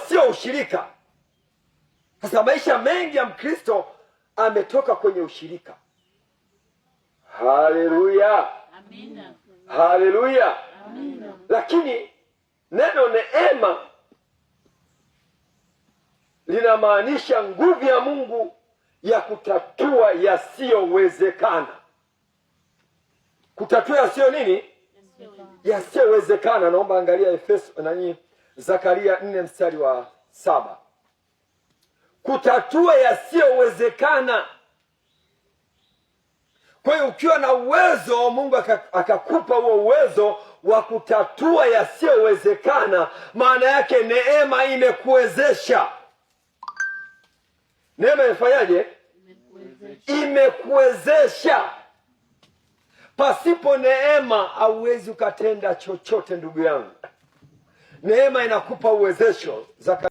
sio ushirika. Sasa maisha mengi ya Mkristo ametoka kwenye ushirika. Haleluya, amina, haleluya, amina. Lakini neno neema linamaanisha nguvu ya Mungu ya kutatua yasiyowezekana. Kutatua yasiyo nini? Yasiyowezekana. Naomba angalia Efeso nani Zakaria nne mstari wa saba kutatua yasiyowezekana. Kwa hiyo ukiwa na uwezo, Mungu akakupa huo uwezo wa kutatua yasiyowezekana, maana yake neema imekuwezesha. Neema imefanyaje? Imekuwezesha. Pasipo neema hauwezi ukatenda chochote, ndugu yangu. Neema inakupa uwezesho za